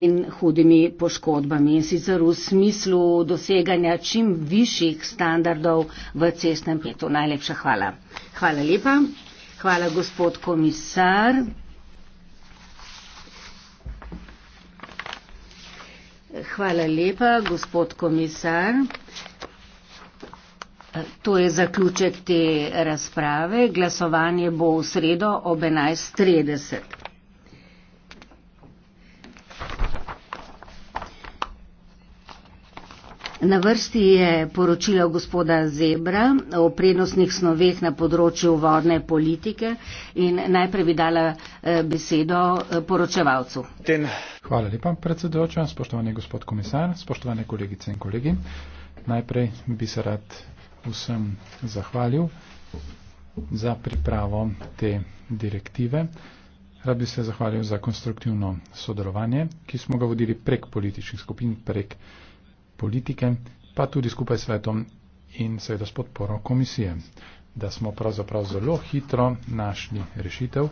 in hudimi poškodbami in sicer v smislu doseganja čim višjih standardov v cestnem petu. Najlepša hvala. Hvala lepa. Hvala, gospod komisar. Hvala lepa, gospod komisar. To je zaključek te razprave. Glasovanje bo v sredo ob 11.30. Na vrsti je poročilo gospoda Zebra o prednostnih snoveh na področju vodne politike in najprej bi dala eh, besedo eh, poročevalcu. Hvala lepa, predsedujoča, spoštovani gospod komisar, spoštovane kolegice in kolegi. Najprej bi se rad vsem zahvalil za pripravo te direktive. Rad bi se zahvalil za konstruktivno sodelovanje, ki smo ga vodili prek političnih skupin, prek politike, pa tudi skupaj s svetom in seveda s podporo komisije, da smo pravzaprav zelo hitro našli rešitev,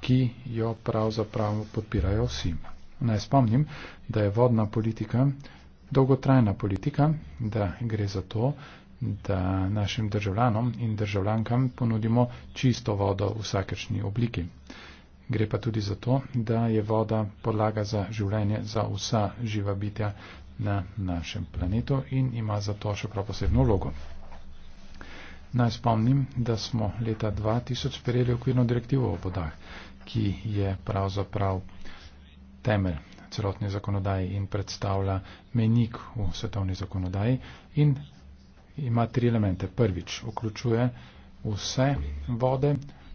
ki jo pravzaprav podpirajo vsi. Naj spomnim, da je vodna politika dolgotrajna politika, da gre za to, da našim državljanom in državljankam ponudimo čisto vodo v vsakečni obliki. Gre pa tudi za to, da je voda podlaga za življenje za vsa živa bitja na našem planetu in ima zato še prav posebno vlogo. Naj spomnim, da smo leta 2000 sprejeli okvirno direktivo o vodah, ki je pravzaprav temelj celotne zakonodaje in predstavlja menik v svetovni zakonodaji in ima tri elemente. Prvič, vključuje vse vode,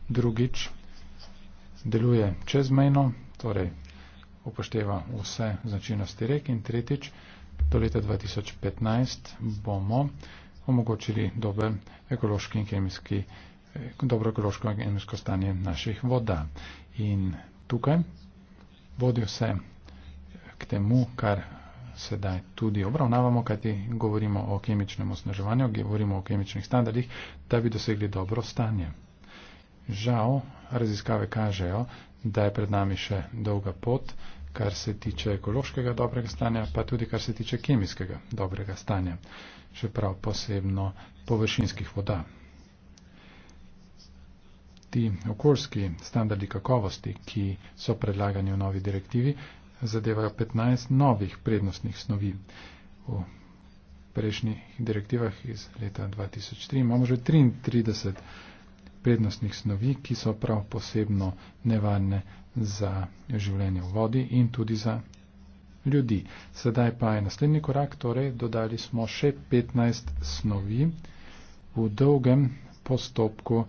drugič, deluje čezmejno, torej upošteva vse značilnosti rek in tretjič, Do leta 2015 bomo omogočili dober ekološki in kemijski, dobro ekološko in kemijsko stanje naših voda. In tukaj vodijo se k temu, kar sedaj tudi obravnavamo, kajti govorimo o kemičnem osnaževanju, govorimo o kemičnih standardih, da bi dosegli dobro stanje. Žal, raziskave kažejo, da je pred nami še dolga pot, kar se tiče ekološkega dobrega stanja, pa tudi kar se tiče kemijskega dobrega stanja, še prav posebno površinskih voda. Ti okoljski standardi kakovosti, ki so predlagani v novi direktivi, zadevajo 15 novih prednostnih snovi. V prejšnjih direktivah iz leta 2003 imamo že 33 prednostnih snovi, ki so prav posebno nevarne za življenje v vodi in tudi za ljudi. Sedaj pa je naslednji korak, torej dodali smo še 15 snovi v dolgem postopku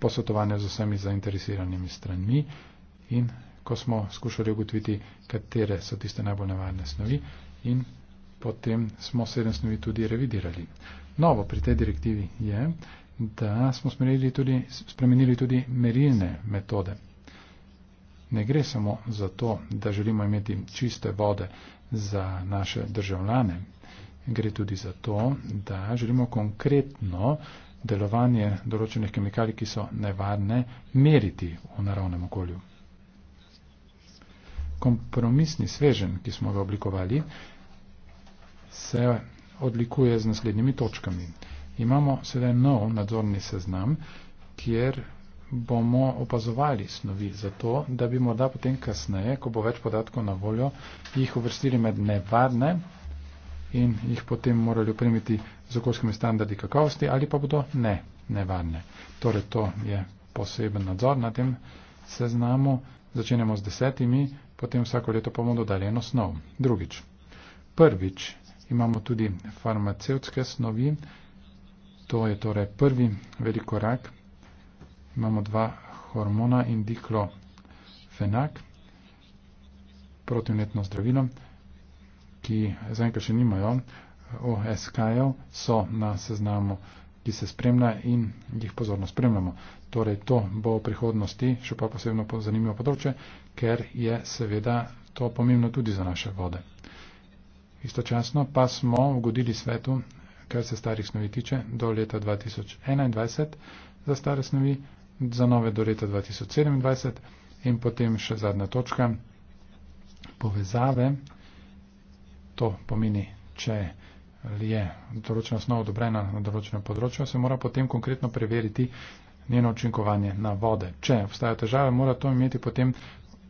posvetovanja z vsemi zainteresiranimi stranmi in ko smo skušali ugotoviti, katere so tiste najbolj nevarne snovi in potem smo sedem snovi tudi revidirali. Novo pri tej direktivi je, da smo tudi, spremenili tudi merilne metode. Ne gre samo za to, da želimo imeti čiste vode za naše državljane. Gre tudi za to, da želimo konkretno delovanje določenih kemikalij, ki so nevarne, meriti v naravnem okolju. Kompromisni svežen, ki smo ga oblikovali, se odlikuje z naslednjimi točkami imamo sedaj nov nadzorni seznam, kjer bomo opazovali snovi za to, da bi morda potem kasneje, ko bo več podatkov na voljo, jih uvrstili med nevarne in jih potem morali opremiti z okoljskimi standardi kakovosti ali pa bodo ne nevarne. Torej to je poseben nadzor na tem seznamu. Začenjamo z desetimi, potem vsako leto bomo dodali eno snov. Drugič. Prvič imamo tudi farmacevtske snovi, To je torej prvi velik korak. Imamo dva hormona in diklofenak, protivnetno zdravilo, ki zaenkrat še nimajo OSK-jev, so na seznamu, ki se spremlja in jih pozorno spremljamo. Torej, to bo v prihodnosti še pa posebno zanimivo področje, ker je seveda to pomembno tudi za naše vode. Istočasno pa smo ugodili svetu kar se starih snovi tiče, do leta 2021 za stare snovi, za nove do leta 2027 in potem še zadnja točka, povezave. To pomeni, če je določena snov odobrena na določenem področju, se mora potem konkretno preveriti njeno učinkovanje na vode. Če obstajajo težave, mora to imeti potem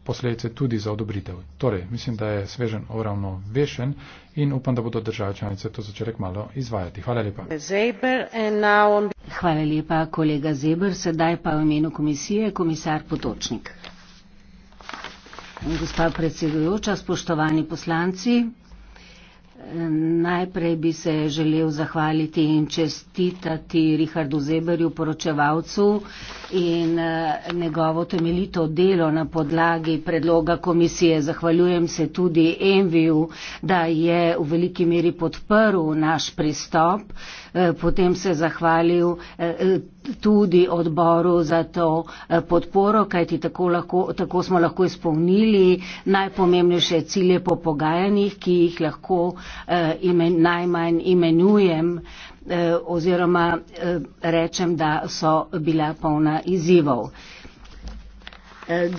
posledice tudi za odobritev. Torej, mislim, da je svežen oravno vešen in upam, da bodo države članice to začele malo izvajati. Hvala lepa. Hvala lepa, kolega Zeber. Sedaj pa v imenu komisije komisar Potočnik. Gospa predsedujoča, spoštovani poslanci, Najprej bi se želel zahvaliti in čestitati Richardu Zeberju, poročevalcu in eh, njegovo temeljito delo na podlagi predloga komisije. Zahvaljujem se tudi Enviju, da je v veliki meri podprl naš pristop. Eh, potem se zahvalil eh, tudi odboru za to eh, podporo, kajti tako, lahko, tako smo lahko izpolnili najpomembnejše cilje po pogajanjih, ki jih lahko eh, imen, najmanj imenujem eh, oziroma eh, rečem, da so bila polna izzivov. Eh,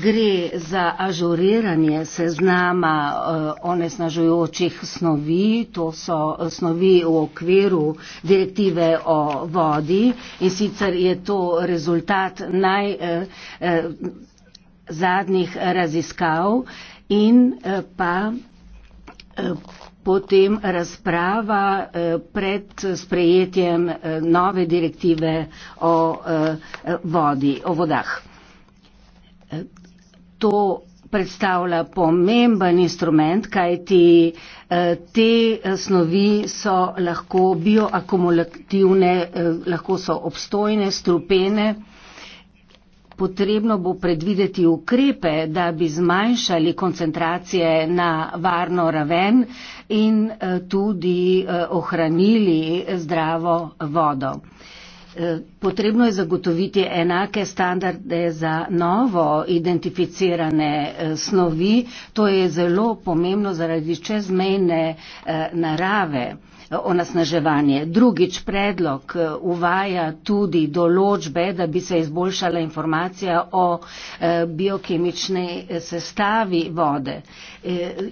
gre za ažuriranje seznama eh, onesnažujočih snovi, to so eh, snovi v okviru direktive o vodi in sicer je to rezultat naj eh, zadnjih raziskav in pa potem razprava pred sprejetjem nove direktive o vodi, o vodah to predstavlja pomemben instrument, kajti eh, te eh, snovi so lahko bioakumulativne, eh, lahko so obstojne, strupene. Potrebno bo predvideti ukrepe, da bi zmanjšali koncentracije na varno raven in tudi ohranili zdravo vodo. Eh, potrebno je zagotoviti enake standarde za novo identificirane eh, snovi. To je zelo pomembno zaradi čezmejne eh, narave onasnaževanje. Drugič, predlog eh, uvaja tudi določbe, da bi se izboljšala informacija o eh, biokemični eh, sestavi vode.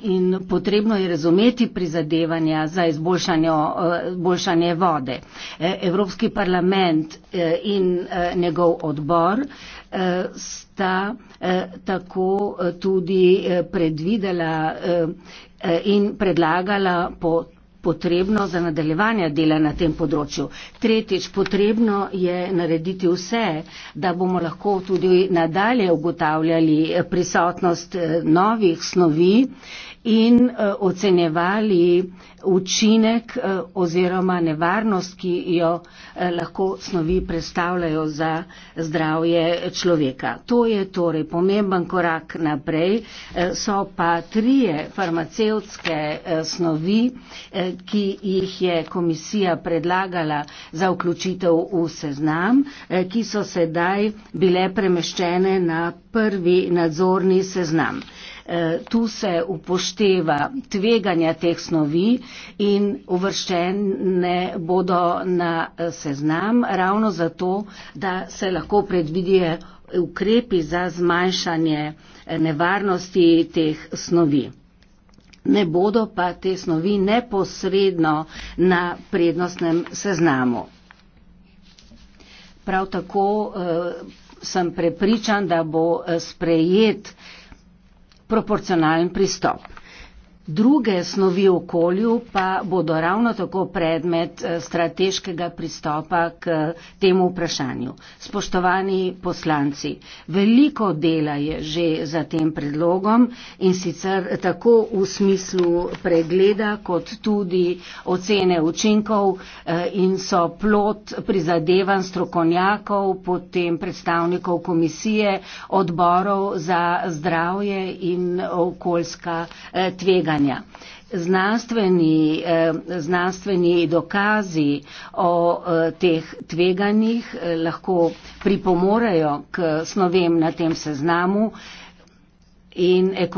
In potrebno je razumeti prizadevanja za izboljšanje vode. Evropski parlament in njegov odbor sta tako tudi predvidela in predlagala po potrebno za nadaljevanje dela na tem področju. Tretjič, potrebno je narediti vse, da bomo lahko tudi nadalje ugotavljali prisotnost eh, novih snovi in eh, ocenjevali učinek eh, oziroma nevarnost, ki jo eh, lahko snovi predstavljajo za zdravje človeka. To je torej pomemben korak naprej. So pa trije farmacevtske snovi, ki jih je komisija predlagala za vključitev v seznam, ki so sedaj bile premeščene na prvi nadzorni seznam tu se upošteva tveganja teh snovi in uvrščene bodo na eh, seznam ravno zato, da se lahko predvidijo ukrepi za zmanjšanje eh, nevarnosti teh snovi. Ne bodo pa te snovi neposredno na prednostnem seznamu. Prav tako eh, sem prepričan, da bo sprejet proporcionalen pristop. Druge snovi v okolju pa bodo ravno tako predmet eh, strateškega pristopa k temu vprašanju. Spoštovani poslanci, veliko dela je že za tem predlogom in sicer tako v smislu pregleda kot tudi ocene učinkov eh, in so plot prizadevan strokovnjakov, potem predstavnikov komisije, odborov za zdravje in okoljska eh, tvega vprašanja. Znanstveni, eh, znanstveni dokazi o eh, teh tveganjih eh, lahko pripomorejo k snovem na tem seznamu in eh,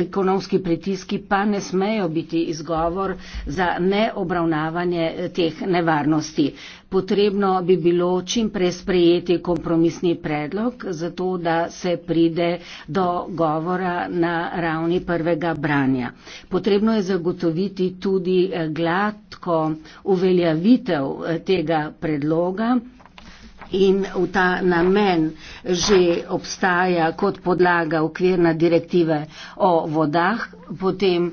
ekonomski pritiski pa ne smejo biti izgovor za neobravnavanje eh, teh nevarnosti. Potrebno bi bilo čim prej sprejeti kompromisni predlog, zato da se pride do govora na ravni prvega branja. Potrebno je zagotoviti tudi eh, gladko uveljavitev tega predloga in v ta namen že obstaja kot podlaga okvirna direktive o vodah, potem eh,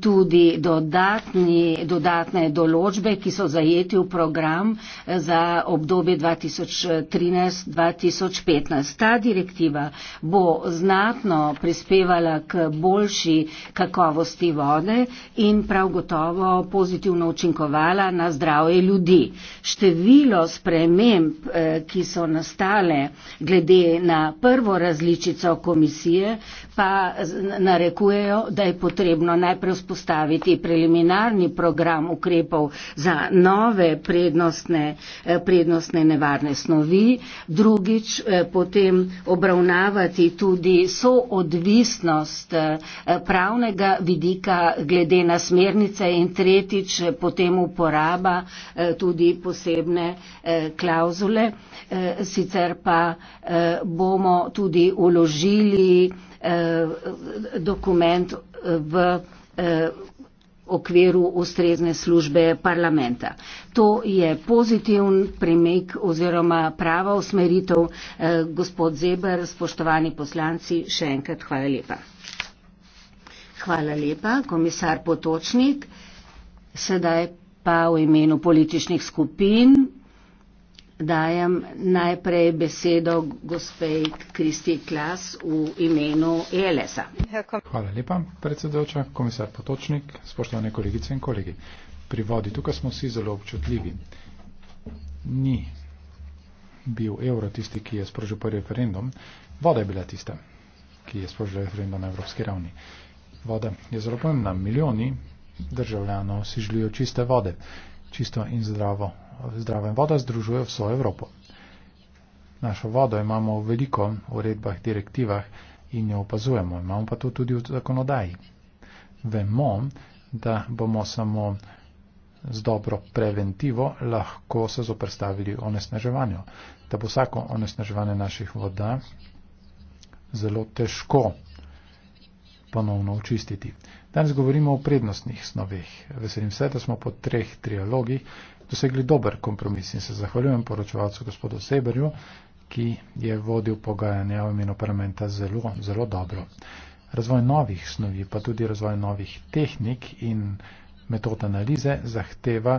tudi dodatni, dodatne določbe, ki so zajeti v program eh, za obdobje 2013-2015. Ta direktiva bo znatno prispevala k boljši kakovosti vode in prav gotovo pozitivno učinkovala na zdravje ljudi. Število sprememb eh, ki so nastale glede na prvo različico komisije, pa narekujejo, da je potrebno najprej vzpostaviti preliminarni program ukrepov za nove prednostne, eh, prednostne nevarne snovi, drugič eh, potem obravnavati tudi soodvisnost eh, pravnega vidika glede na smernice in tretjič potem uporaba tudi posebne klauzule, sicer pa bomo tudi uložili eh, dokument eh, v eh, okviru ustrezne službe parlamenta. To je pozitiven premik oziroma prava usmeritev. Eh, gospod Zeber, spoštovani poslanci, še enkrat hvala lepa. Hvala lepa, komisar Potočnik. Sedaj pa v imenu političnih skupin dajem najprej besedo gospe Kristi Klas v imenu ELS-a. E Hvala lepa, predsedoča, komisar Potočnik, spoštovane kolegice in kolegi. Pri vodi tukaj smo vsi zelo občutljivi. Ni bil evro tisti, ki je sprožil prvi referendum, voda je bila tista, ki je sprožila referendum na evropski ravni. Voda je zelo pomembna. Milijoni državljanov si želijo čiste vode, čisto in zdravo zdravem voda združuje vso Evropo. Našo vodo imamo v veliko uredbah, direktivah in jo opazujemo. Imamo pa to tudi v zakonodaji. Vemo, da bomo samo z dobro preventivo lahko se zoprstavili onesnaževanju. Da bo vsako onesnaževanje naših voda zelo težko ponovno očistiti. Danes govorimo o prednostnih snoveh. Veselim se, da smo po treh trialogih dosegli dober kompromis in se zahvaljujem poročevalcu gospodu Seberju, ki je vodil pogajanja v imenu parlamenta zelo, zelo dobro. Razvoj novih snovi, pa tudi razvoj novih tehnik in metod analize zahteva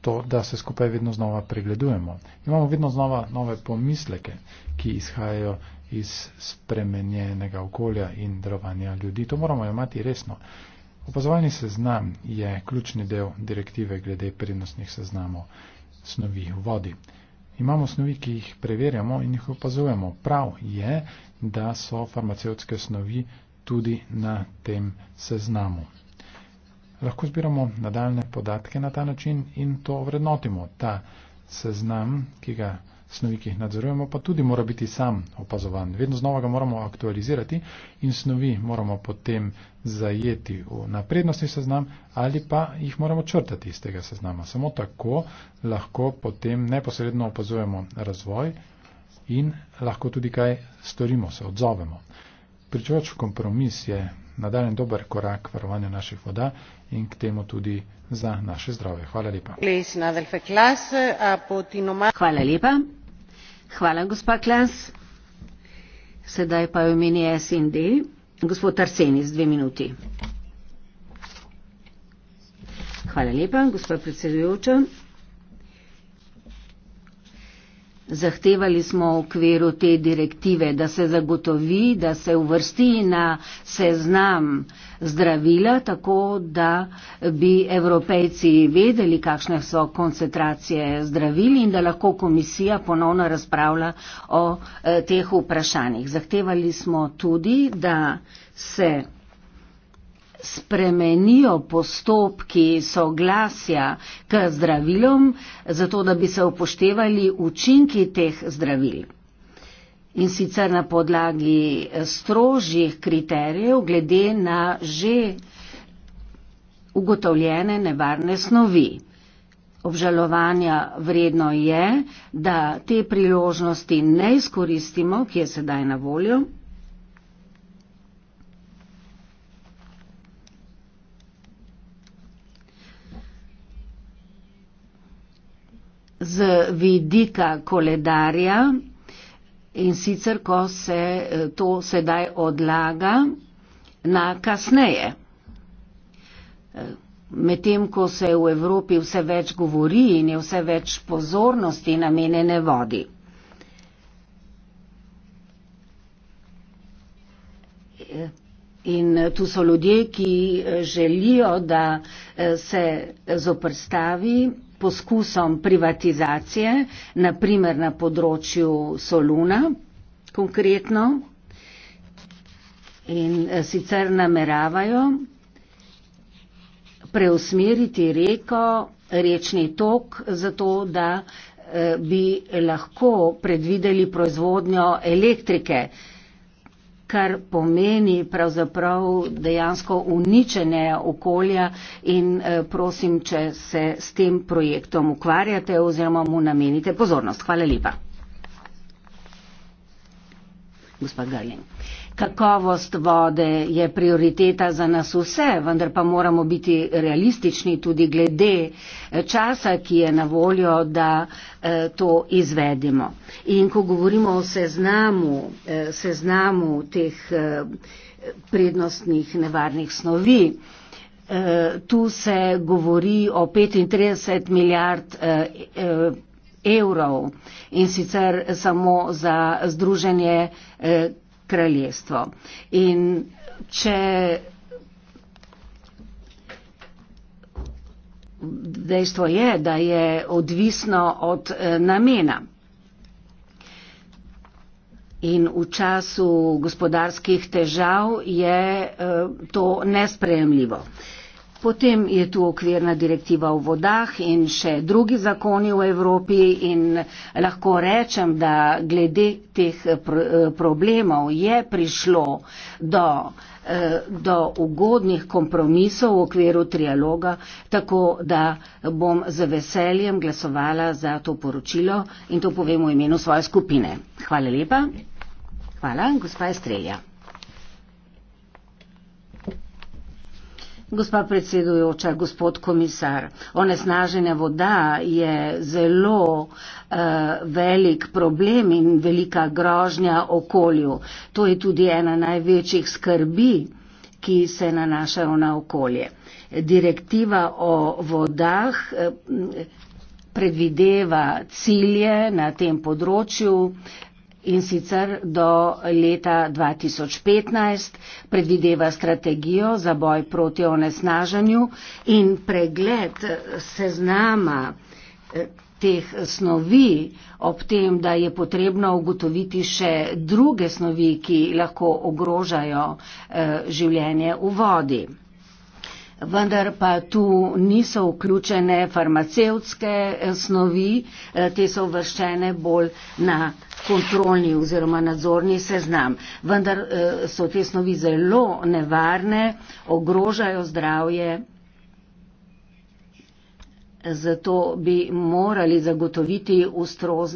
to, da se skupaj vedno znova pregledujemo. Imamo vedno znova nove pomisleke, ki izhajajo iz spremenjenega okolja in delovanja ljudi. To moramo imati resno. Opazovalni seznam je ključni del direktive glede prednostnih seznamov snovi v vodi. Imamo snovi, ki jih preverjamo in jih opazujemo. Prav je, da so farmacevtske snovi tudi na tem seznamu. Lahko zbiramo nadaljne podatke na ta način in to vrednotimo. Ta seznam, ki ga snovi, ki jih nadzorujemo, pa tudi mora biti sam opazovan. Vedno znova ga moramo aktualizirati in snovi moramo potem zajeti v naprednostni seznam ali pa jih moramo črtati iz tega seznama. Samo tako lahko potem neposredno opazujemo razvoj in lahko tudi kaj storimo, se odzovemo. Pričujoč kompromis je nadaljen dober korak varovanja naših voda in k temu tudi za naše zdravje. Hvala lepa. Uh, Hvala lepa. Hvala, gospa Klas. Sedaj pa je v imeni SND. Gospod Arsenis, dve minuti. Hvala lepa, gospod predsedujoča. Zahtevali smo v okviru te direktive, da se zagotovi, da se uvrsti na seznam uh, zdravila, tako da bi evropejci vedeli, kakšne so koncentracije zdravil in da lahko komisija ponovno razpravlja o eh, teh vprašanjih. Zahtevali smo tudi, da se spremenijo postopki soglasja k zdravilom, zato da bi se upoštevali učinki teh zdravil in sicer na podlagi eh, strožjih kriterijev glede na že ugotovljene nevarne snovi. Obžalovanja vredno je, da te priložnosti ne izkoristimo, ki je sedaj na voljo. Z vidika koledarja in sicer ko se eh, to sedaj odlaga na kasneje. Eh, medtem, ko se v Evropi vse več govori in je vse več pozornosti namenjene vodi. Eh, in tu so ljudje, ki želijo, da se zoprstavi poskusom privatizacije, naprimer na področju Soluna konkretno. In eh, sicer nameravajo preusmeriti reko, rečni tok, zato da eh, bi lahko predvideli proizvodnjo elektrike kar pomeni pravzaprav dejansko uničenje okolja in eh, prosim, če se s tem projektom ukvarjate oziroma mu namenite pozornost. Hvala lepa. Gospod Garling. Kakovost vode je prioriteta za nas vse, vendar pa moramo biti realistični tudi glede eh, časa, ki je na voljo, da eh, to izvedemo. In ko govorimo o seznamu, eh, seznamu teh prednostnih nevarnih snovi, tu se govori o 35 milijard evrov in sicer samo za združenje kraljestvo. In če dejstvo je, da je odvisno od eh, namena. In v času gospodarskih težav je eh, to nespremljivo. Potem je tu okvirna direktiva o vodah in še drugi zakoni v Evropi in lahko rečem, da glede teh problemov je prišlo do, eh, do ugodnih kompromisov v okviru trialoga, tako da bom z veseljem glasovala za to poročilo in to povem v imenu svoje skupine. Hvala lepa. Hvala, gospa Estrelja. Gospa predsedujoča, gospod komisar, onesnaženje voda je zelo uh, velik problem in velika grožnja okolju. To je tudi ena največjih skrbi, ki se nanašajo na okolje. Direktiva o vodah eh, predvideva cilje na tem področju in sicer do leta 2015 predvideva strategijo za boj proti onesnaženju in pregled seznama eh, teh snovi, ob tem, da je potrebno ugotoviti še druge snovi, ki lahko ogrožajo eh, življenje v vodi vendar pa tu niso vključene farmacevtske eh, snovi, eh, te so vrščene bolj na kontrolni oziroma nadzorni seznam. Vendar eh, so te snovi zelo nevarne, ogrožajo zdravje. Zato bi morali zagotoviti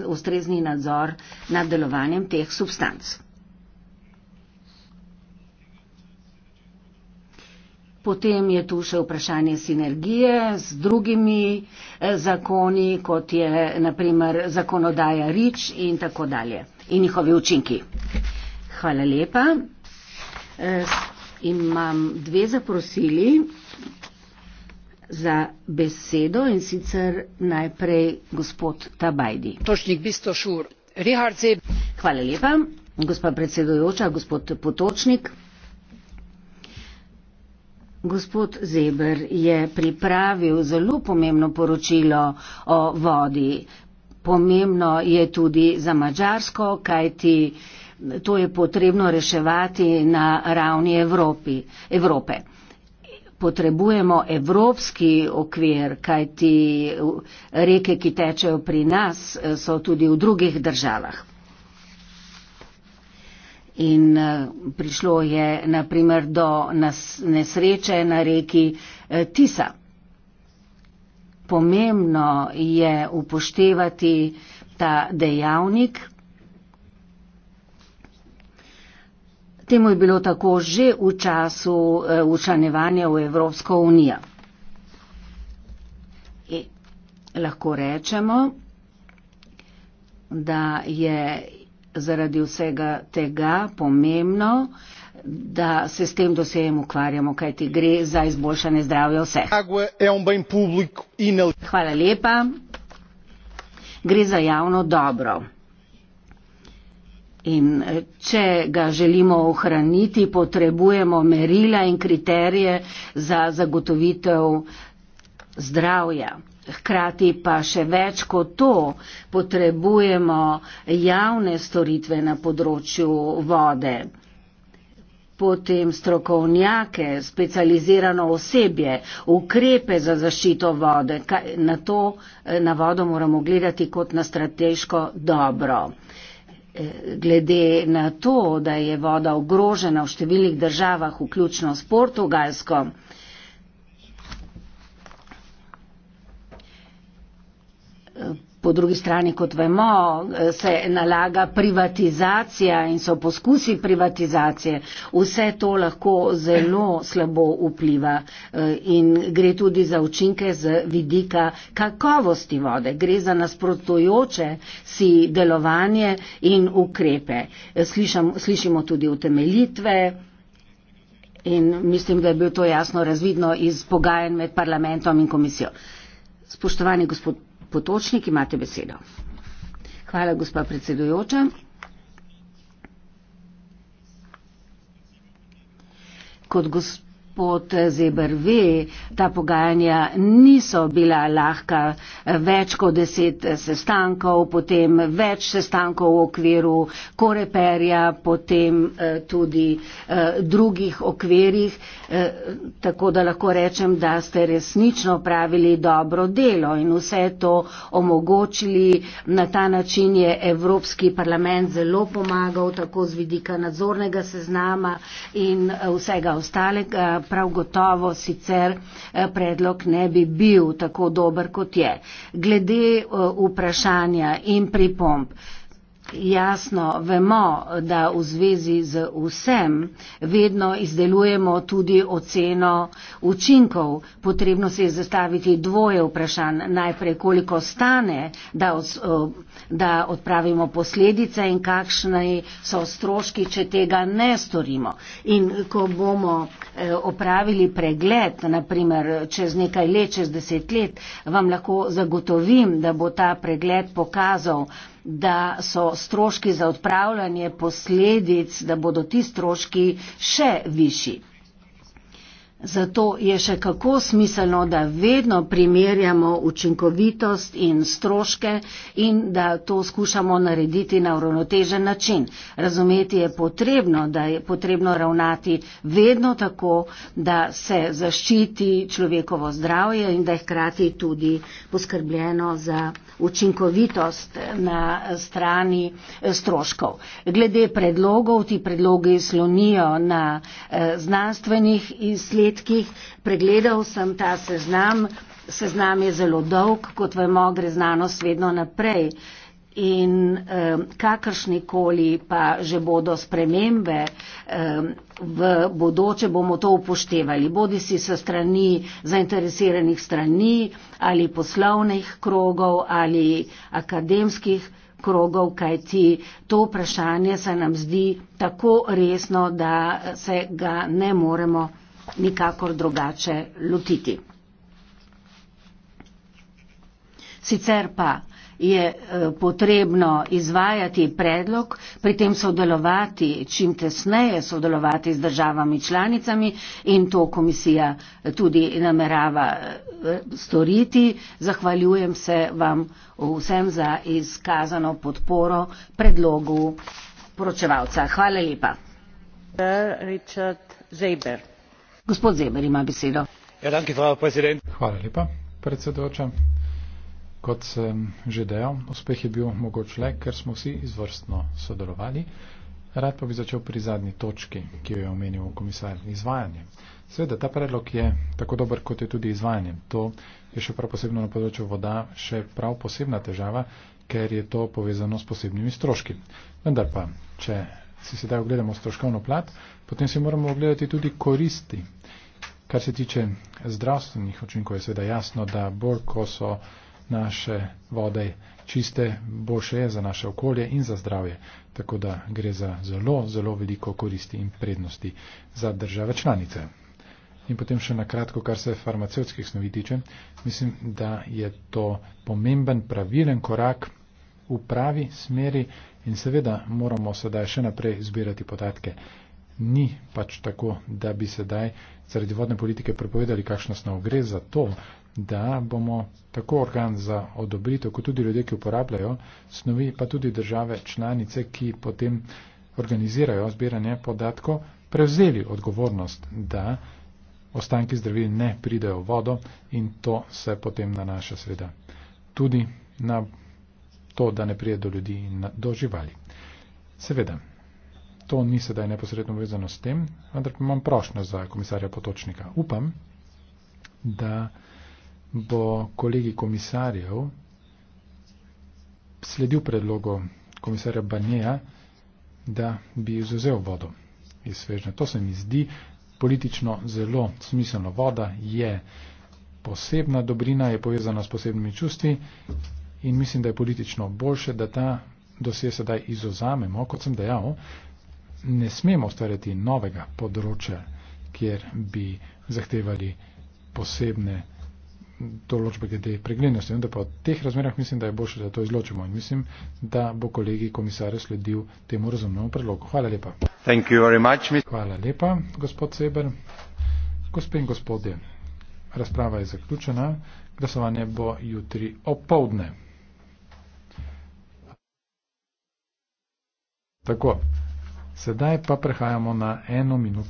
ustrezni nadzor nad delovanjem teh substancij. Potem je tu še vprašanje sinergije z drugimi eh, zakoni, kot je naprimer zakonodaja Rič in tako dalje in njihovi učinki. Hvala lepa. Eh, imam dve zaprosili za besedo in sicer najprej gospod Tabajdi. Točnik Bistošur. Richard Zeb. Hvala lepa. Gospa predsedujoča, gospod Potočnik. Gospod Zeber je pripravil zelo pomembno poročilo o vodi. Pomembno je tudi za Mačarsko, kajti to je potrebno reševati na ravni Evropi, Evrope. Potrebujemo evropski okvir, kajti reke, ki tečejo pri nas, so tudi v drugih državah in eh, prišlo je naprimer do nesreče na reki eh, Tisa. Pomembno je upoštevati ta dejavnik. Temu je bilo tako že v času eh, učanevanja v Evropsko unijo. E, lahko rečemo, da je zaradi vsega tega pomembno, da se s tem dosejem ukvarjamo, kajti gre za izboljšanje zdravja vseh. Um e Hvala lepa. Gre za javno dobro. In eh, če ga želimo ohraniti, potrebujemo merila in kriterije za zagotovitev zdravja. Hkrati pa še več kot to potrebujemo javne storitve na področju vode. Potem strokovnjake, specializirano osebje, ukrepe za zaščito vode. Na to eh, na vodo moramo gledati kot na strateško dobro. Eh, glede na to, da je voda ogrožena v številnih državah, vključno s Portugalskom, Po drugi strani, kot vemo, se nalaga privatizacija in so poskusi privatizacije. Vse to lahko zelo slabo vpliva eh, in gre tudi za učinke z vidika kakovosti vode. Gre za nasprotujoče si delovanje in ukrepe. Slišam, slišimo tudi utemeljitve. In mislim, da je bilo to jasno razvidno iz pogajanj med parlamentom in komisijo. Spoštovani gospod Potočnik, imate besedo. Hvala, gospa predsedujoča. Kot gospod pod Zebr ve, ta pogajanja niso bila lahka, več kot deset sestankov, potem več sestankov v okviru koreperja, potem eh, tudi eh, drugih okvirjih, eh, tako da lahko rečem, da ste resnično pravili dobro delo in vse to omogočili. Na ta način je Evropski parlament zelo pomagal, tako z vidika nadzornega seznama in vsega ostalega prav gotovo sicer eh, predlog ne bi bil tako dober, kot je. Glede eh, vprašanja in pripomp. Jasno, vemo, da v zvezi z vsem vedno izdelujemo tudi oceno učinkov. Potrebno se je zastaviti dvoje vprašanj. Najprej, koliko stane, da. Os, eh, da odpravimo posledice in kakšni so stroški, če tega ne storimo. In ko bomo eh, opravili pregled, naprimer čez nekaj let, čez deset let, vam lahko zagotovim, da bo ta pregled pokazal, da so stroški za odpravljanje posledic, da bodo ti stroški še višji. Zato je še kako smiselno, da vedno primerjamo učinkovitost in stroške in da to skušamo narediti na uravnotežen način. Razumeti je potrebno, da je potrebno ravnati vedno tako, da se zaščiti človekovo zdravje in da je hkrati tudi poskrbljeno za učinkovitost na strani eh, stroškov. Glede predlogov, ti predlogi slonijo na eh, znanstvenih izsledkih, pregledal sem ta seznam, seznam je zelo dolg, kot vemo, gre znanost vedno naprej in eh, kakršnekoli pa že bodo spremembe eh, v bodoče, bomo to upoštevali, bodi si se strani zainteresiranih strani ali poslovnih krogov ali akademskih krogov, kajti to vprašanje se nam zdi tako resno, da se ga ne moremo nikakor drugače lotiti. Sicer pa je eh, potrebno izvajati predlog, pri tem sodelovati, čim tesneje sodelovati z državami članicami in to komisija tudi namerava eh, storiti. Zahvaljujem se vam vsem za izkazano podporo predlogu poročevalca. Hvala lepa. Zeber. Gospod Zeber ima besedo. Ja, Hvala lepa, predsedujoča. Kot sem že dejal, uspeh je bil mogoč le, ker smo vsi izvrstno sodelovali. Rad pa bi začel pri zadnji točki, ki jo je omenil komisar izvajanje. Sveda, ta predlog je tako dober, kot je tudi izvajanje. To je še prav posebno na področju voda še prav posebna težava, ker je to povezano s posebnimi stroški. Vendar pa, če si sedaj ogledamo stroškovno plat, potem si moramo ogledati tudi koristi. Kar se tiče zdravstvenih učinkov, je seveda jasno, da bolj, ko so naše vode čiste, boljše je za naše okolje in za zdravje. Tako da gre za zelo, zelo veliko koristi in prednosti za države članice. In potem še na kratko, kar se farmacevtskih snovi tiče, mislim, da je to pomemben, pravilen korak v pravi smeri in seveda moramo sedaj še naprej zbirati podatke. Ni pač tako, da bi sedaj zaradi vodne politike prepovedali, kakšna snov gre za to, da bomo tako organ za odobritev, kot tudi ljudje, ki uporabljajo snovi, pa tudi države članice, ki potem organizirajo zbiranje podatkov, prevzeli odgovornost, da ostanki zdravil ne pridejo v vodo in to se potem nanaša sveda tudi na to, da ne pride do ljudi in na, do živali. Seveda, to ni sedaj neposredno vezano s tem, vendar pa imam prošnjo za komisarja Potočnika. Upam, da bo kolegi komisarjev sledil predlogu komisarja Baneja, da bi izuzel vodo iz svežnja. To se mi zdi politično zelo smiselno. Voda je posebna dobrina, je povezana s posebnimi čustvi in mislim, da je politično boljše, da ta dosje sedaj izozamemo, kot sem dejal, ne smemo ustvarjati novega področja, kjer bi zahtevali posebne določbe glede preglednosti. Vendar pa v teh razmerah mislim, da je boljše, da to izločimo. In mislim, da bo kolegi komisar sledil temu razumnemu predlogu. Hvala lepa. Much, Hvala lepa, gospod Seber. Gospe in gospodje, razprava je zaključena. Glasovanje bo jutri opovdne. Tako, sedaj pa prehajamo na eno minuto.